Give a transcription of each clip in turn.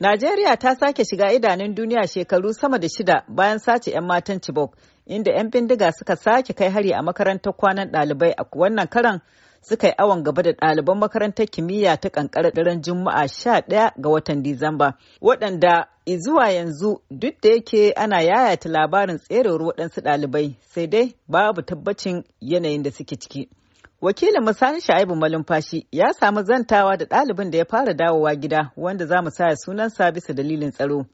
Najeriya ta sake shiga idanun duniya shekaru sama da shida bayan sace 'yan matan Chibok, inda 'yan bindiga suka sake kai hari a makarantar kwanan ɗalibai a wannan karan suka yi awon gaba da ɗaliban makarantar kimiyya ta ƙanƙarar daren Juma'a 11 ga watan Disamba, waɗanda zuwa yanzu duk da yake ana yayata labarin tserewar waɗansu ɗalibai sai dai babu tabbacin yanayin da suke ciki. Wakilin Musani Sha'ibu Malumfashi ya samu zantawa da ɗalibin da ya fara dawowa gida wanda za mu saya sunansa bisa dalilin tsaro.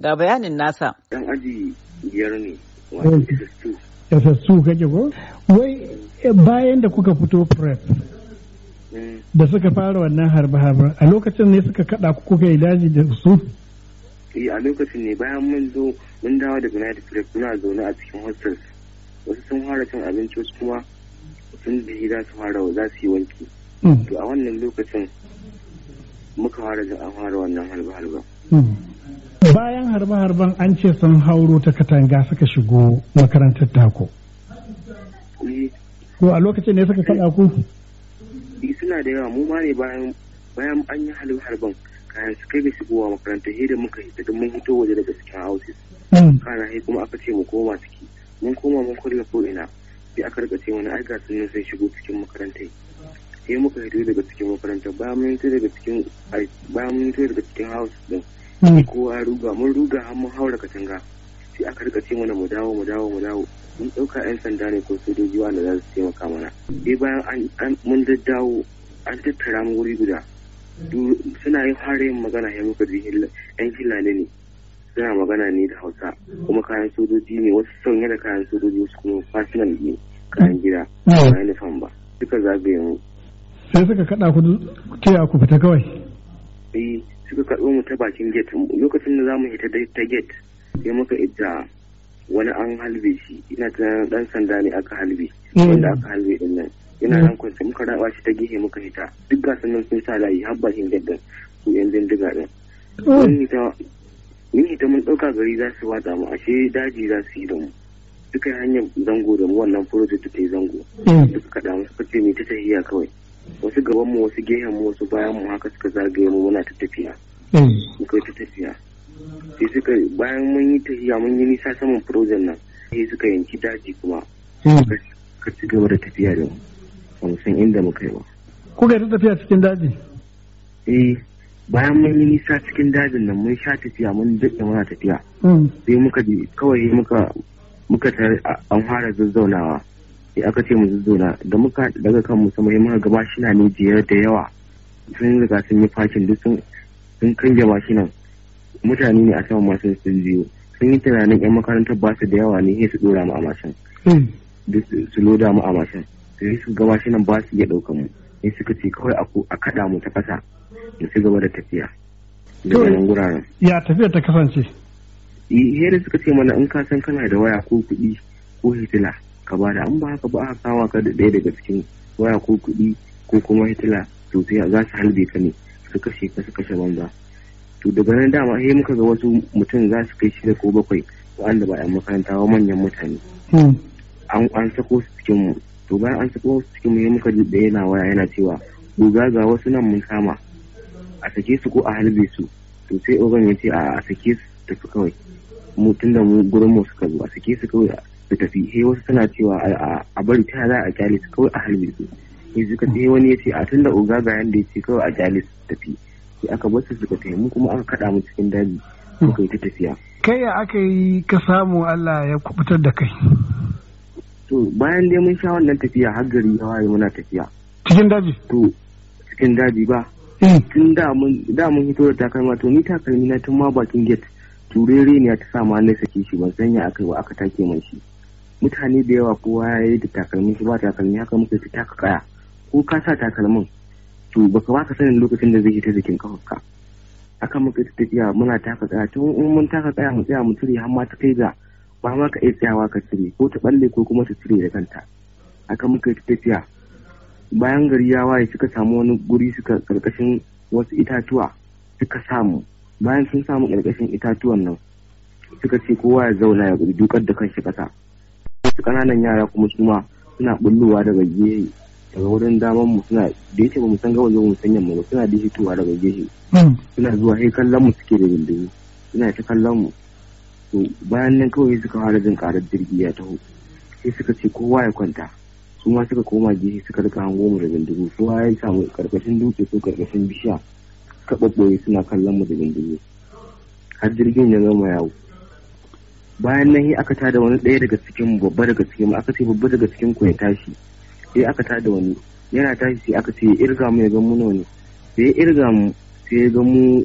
Ga bayanin nasa. Dan aji biyar ne, wato Yasassu hmm. kake ko? Wai eh, bayan da kuka fito prep hmm. da suka fara wannan harba-harba, a lokacin ne suka kaɗa kuka yi daji da su? Eh, a lokacin ne bayan mun zo mun dawo daga United Prep muna zaune a cikin hostels wasu sun fara cin abinci wasu kuma sun biyi za su fara za su yi wanki hmm. to a wannan lokacin muka fara da an fara wannan harba-harba hmm. bayan harba-harban an ce sun hauro ta katanga suka shigo makarantar tako eh. ko a lokacin ne suka kaɗa ku eh, suna da yawa mu ma ne bayan bayan an yi harba-harban kayan su kai shigo shigowa makarantar hidin muka hita don mun hito waje daga cikin hausis. Hmm. kana kuma aka ce mu koma ciki mun koma mun kulle ko ina sai aka rika ce wani aika gasu nan sai shigo cikin makarantai. sai muka hito daga cikin makarantar ba mun hito daga cikin ba mun hito daga cikin house din hmm. kowa ruga mun ruga har mun haura katanga sai aka rika ce mana mu dawo mu dawo mu dawo mun ɗauka 'yan sanda ne ko sojoji wanda za su taimaka mana sai bayan mun daddawo an tattara mu wuri guda suna yin fara yin magana ya muka ji yan hilali ne suna magana ne da hausa kuma kayan sojoji ne wasu sanya da kayan sojoji wasu kuma fasinan ne kayan gida ba uniform ba duka zagaye mu sai suka kada ku a ku fita kawai eh suka kado mu ta bakin gate lokacin da zamu hita ta gate sai muka idda wani an halbe shi ina tunanin dan sanda ne aka halbe mm. wanda aka halbe din nan ina mm. nan sai muka rawa shi ta gihe muka hita duk ga nan sun sa layi har bakin gate din su yan bindiga din mm. mun hita mun hita mun ɗauka gari za su watsa mu ashe daji za su yi da mu duka hanyar zango da wannan project ta yi zango duka mm. kaɗan suka ce ne ta tafiya kawai wasu gaban mu wasu gehen mu wasu bayan mu haka suka zagaye mu muna ta tafiya mm. muka ta tafiya sai suka bayan mun yi tafiya mun yi nisa saman project nan sai suka yanki daji kuma mm. suka ci gaba da tafiya da mu ba mu san inda muka yi ba kuka ta tafiya cikin daji eh bayan mun yi nisa cikin dajin nan mun sha tafiya mun daɗe muna tafiya sai muka je kawai muka muka tare an fara zazzaunawa sai aka ce mu zazzauna da muka daga kan mu sama muka ga mashina ne jiyar da yawa sun riga sun yi fakin duk sun sun kange mashinan mutane ne a saman masu sun biyo sun yi tunanin yan makarantar ba su da yawa ne sai su dora mu a mashin hmm. duk su loda mu a mashin sai su ga mashinan ba su iya daukan mu sai suka ce kawai a kada mu ta kasa da su gaba da tafiya ya tafiya ta kasance yadda suka ce mana in ka san kana da waya ko kuɗi ko hitila ka da an ba haka ba a kawa ka da ɗaya daga cikin waya ko kuɗi ko kuma hitila to sai za su halbe ka ne su kashe ka su kashe banza to daga nan dama sai muka ga wasu mutum za su kai shida ko bakwai wa'anda ba 'yan makaranta ba manyan mutane hmm. an sako su cikin mu to bayan an sako su cikin mu sai muka ji ɗaya na waya yana cewa goga ga wasu nan mun kama a sake su ko a halbe su to sai ogan ya ce a sake su tafi kawai mu tunda mu gurin mu suka zo a sake su kawai su tafi sai wasu suna cewa a bari ta za a jalis kawai a halbe su sai suka sai wani ya ce a tunda oga ga yanda ya ce kawai a jalis su tafi sai aka bar su suka tafi mu kuma aka kada mu cikin daji suka yi ta tafiya kai ya aka yi ka samu Allah ya kubutar da kai to bayan dai mun sha wannan tafiya har gari ya waye muna tafiya cikin daji to cikin daji ba hmm. tun da mun hito da takalma to ni takalmi na tun ma bakin gate turere ne ta sa ma na sake shi ban sanya akai ba aka take mai shi mutane da yawa kowa ya yi da takalmin shi ba takalmi haka muka fi taka kaya ko ka sa takalmin to ba ka sanin lokacin da zai ta jikin kafafka. haka muka ta tafiya muna taka kaya tun in mun taka kaya mu tsaya mu cire har ta kai ga ba ma ka iya tsayawa ka cire ko ta balle ko kuma ta cire da kanta haka muka ta tafiya bayan gari ya waye suka samu wani guri suka karkashin wasu itatuwa suka samu bayan sun samu ƙarƙashin itatuwan nan suka ce kowa ya zauna ya dukar da kanshi ƙasa su ƙananan yara kuma su ma suna bullowa daga gehe daga wurin daman mu suna da yake ba mu san zuwa mu san yamma ba suna da hitowa daga gehe hmm. suna zuwa sai kallon mu suke da gindini suna ta kallon mu to bayan nan kawai suka fara jin karar jirgi ya taho sai suka ce kowa ya kwanta su ma suka koma gehe suka rika hango mu da gindini kowa ya samu ƙarƙashin dutse ko ƙarƙashin bishiya suka ɓaɓɓoye suna kallon mu da gindini har jirgin ya gama yawo bayan nan aka tada wani ɗaya daga cikin babba daga cikin aka ce babba daga cikin ku ya tashi sai aka tada wani yana tashi sai aka ce ya irga mu ya ga mu nawa ne sai ya irga mu sai ya ga mu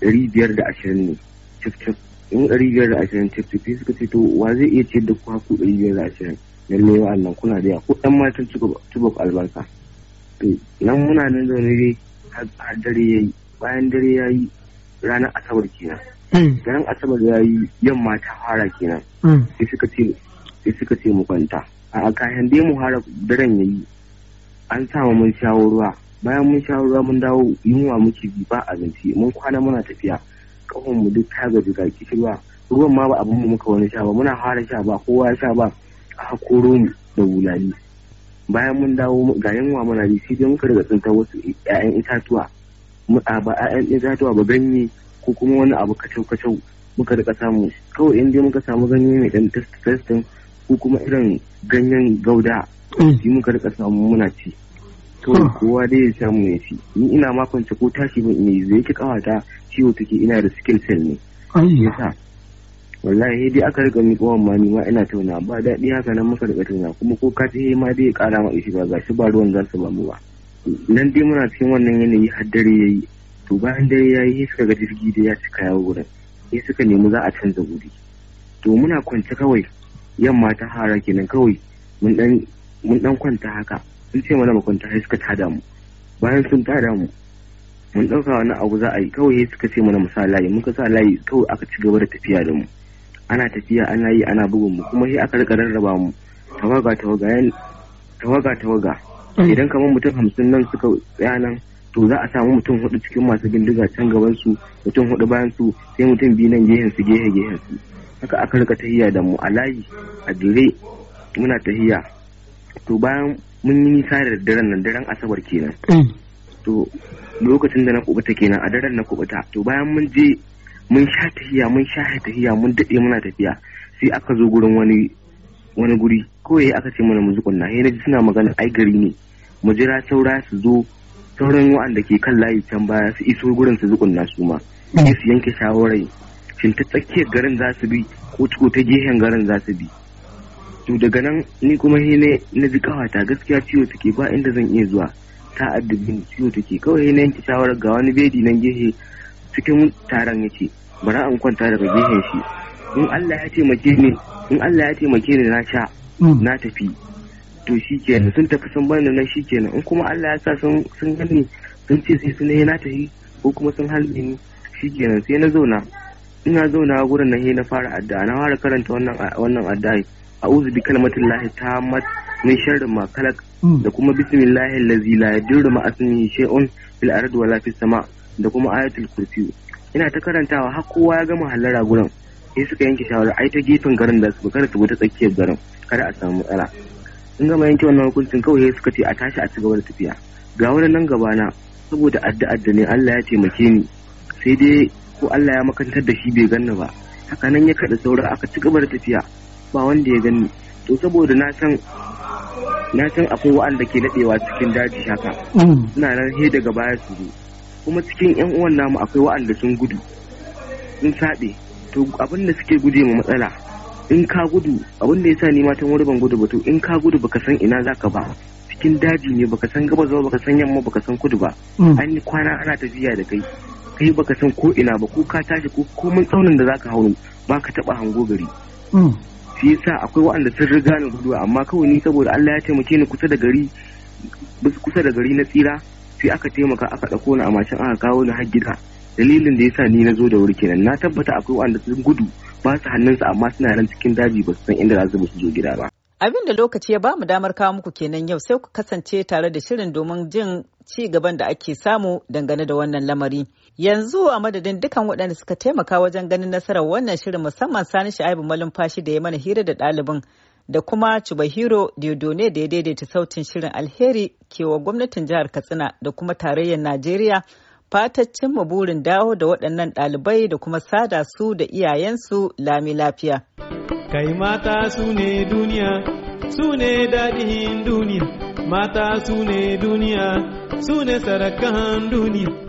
ɗari biyar da ashirin ne cif cif in ɗari biyar da ashirin cif cif suka ce to wa zai iya ciyar da ku haku ɗari biyar da ashirin lallai wa Allah kuna da ko ɗan matan tuba albarka nan muna nan zaune dai har dare ya yi bayan dare ya yi ranar asabar kenan hmm. ranar asabar ya yi yamma ta fara kenan hmm. sai suka ce mu kwanta a kayan dai mu fara daren ya yi an sa mun shawarwa. bayan mun shawarwa mun dawo yunwa muke bi ba abinci mun kwana muna tafiya kafin mu duk ta gaji ga kishirwa ruwan ma ba abin mu muka wani sha ba muna fara sha ba kowa ya sha ba a hakoro mu da wulani bayan mun dawo ga yunwa muna bi sai dai muka riga tsinta wasu 'ya'yan itatuwa ba yan itatuwa ba ganye ko kuma wani abu kacau kacau muka rika samu kawai in dai muka samu ganye mai dan testin ko kuma irin ganyen gauda mm. shi muka rika samu muna ci kawai hmm. kowa dai ya samu ya ci ni ina makonce ko tashi ban ne zai ki kawata ciwo take ina da skill cell ne yasa wallahi dai aka rika ni kowan ma ni ma ina tauna ba daɗi haka nan muka rika tauna kuma ko ka ci ma dai ya kara ma ishi ba gashi ba ruwan za su ba mu ba nan dai muna cikin wannan yanayi har dare yayi to bayan dare yayi sai suka ga jirgi da ya cika yawo wurin sai suka nemi za a canza wuri to muna kwance kawai yamma ta hara kenan kawai mun dan kwanta haka sun ce mana kwanta sai suka tada mu bayan sun tada mu mun dauka wani abu za a yi kawai suka ce mana mu sa layi muka sa layi kawai aka ci gaba da tafiya da mu ana tafiya ana yi ana bugun mu kuma sai aka rika rarraba mu tawaga tawaga tawaga tawaga Mm. idan kamar mutum hamsin nan suka tsayanan, to za a samu mutum hudu cikin masu bindiga can gaban su mutum hudu bayan su sai mutum biyu nan gehen su gehe gehen su haka aka rika tahiya da mu a layi a dire muna tahiya to bayan mun yi nisa da daren nan daren asabar kenan mm. to lokacin da na kubuta kenan a daren na kubuta to bayan mun je mun sha tahiya mun sha tahiya mun daɗe muna tafiya sai aka zo gurin wani wani guri kawai aka ce mana mu zukunna na ji suna magana ai gari ne mu jira saura su zo sauran wa'anda ke kan layi can baya su iso gurin su suma. su ma su yanke shawarar shin ta tsakiyar garin za su bi ko ciko ta gehen garin za su bi to daga nan ni kuma he ne na ji kawata gaskiya ciwo take ba inda zan iya zuwa ta addubi ciwo take kawai na yanke shawarar ga wani bedi nan gehe cikin taron yace bara an kwanta daga gehen shi in Allah ya taimake ni in Allah ya taimake ni na sha mm. na tafi to shikenan sun tafi sun bani nan shikenan in kuma Allah ya sa sun sun gani sun ce sai sun na tafi ko kuma sun halbe ni shikenan sai na zauna ina zauna a gurin nan na fara addu'a na fara karanta wannan wannan addu'a a'udhu bi kalimatillahi tammat min sharri ma khalaq mm. da kuma bismillahi allazi la yadurru ma ismihi shay'un fil ardi wala fis sama' da kuma ayatul kursi ina ta karantawa har kowa ya gama hallara gurin sai suka yanke shawara ai ta gefen garin da su kada su tsakiyar garin kada a samu matsala sun gama yanke wannan hukuncin kawai suka ce a tashi a ci gaba da tafiya ga wani nan gaba na, saboda addu'a da ne Allah ya taimake ni sai dai ko Allah ya makantar da shi bai ganni ba haka nan ya kada saura aka ci gaba da tafiya ba wanda ya gani to saboda na san na san akwai wa'anda ke nadewa cikin daji haka mm. suna nan he daga baya su kuma cikin yan uwan namu akwai wa'anda sun gudu sun saɓe to abin da suke guje ma matsala in ka gudu abin da yasa ni matan wani ban gudu ba to in ka gudu baka san ina zaka ba cikin daji ne baka san gaba zuwa baka san yamma baka san kudu ba mm. an yi kwana ana tafiya da kai kai baka san ko ina ba ko ka tashi ko komai tsaunin da zaka hauro ba ka taba hango gari mm. shi yasa akwai waɗanda sun riga ni gudu amma kawai ni saboda Allah ya taimake ni kusa da gari kusa da gari na tsira sai aka taimaka aka ɗauko ni a mashin aka kawo ni har gida dalilin da yasa ni na zo da wuri kenan na tabbata akwai wanda sun gudu ba su hannunsa amma suna ran cikin daji ba su san inda za su zo gida ba abin da lokaci ya bamu damar kawo muku kenan yau sai ku kasance tare da shirin domin jin ci gaban da ake samu dangane da wannan lamari yanzu a madadin dukan waɗanda suka taimaka wajen ganin nasarar wannan shirin musamman sani sha'ibu malumfashi da ya mana hira da ɗalibin da kuma Chubahiro Diodone da ya daidaita sautin shirin alheri kewa gwamnatin jihar Katsina da kuma tarayyar Najeriya fatar cimma burin dawo da waɗannan ɗalibai da kuma sada su da iyayensu lami lafiya. Kai mata su ne duniya, su ne daɗin duniya, mata su ne duniya, su ne sarakan duniya.